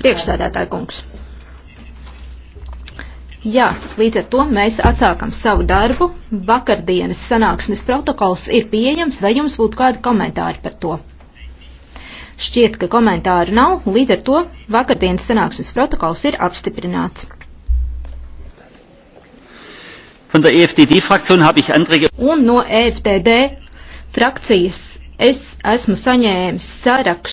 Priekšsēdētāji kungs. Jā, līdz ar to mēs atsākam savu darbu. Vakardienas sanāksmes protokols ir pieejams, vai jums būtu kādi komentāri par to? Šķiet, ka komentāru nav, līdz ar to vakardienas sanāksmes protokols ir apstiprināts. Von der EFDD Fraktion habe ich Anträge. Un no EFDD frakcijas es esmu saņēmis sarakstu.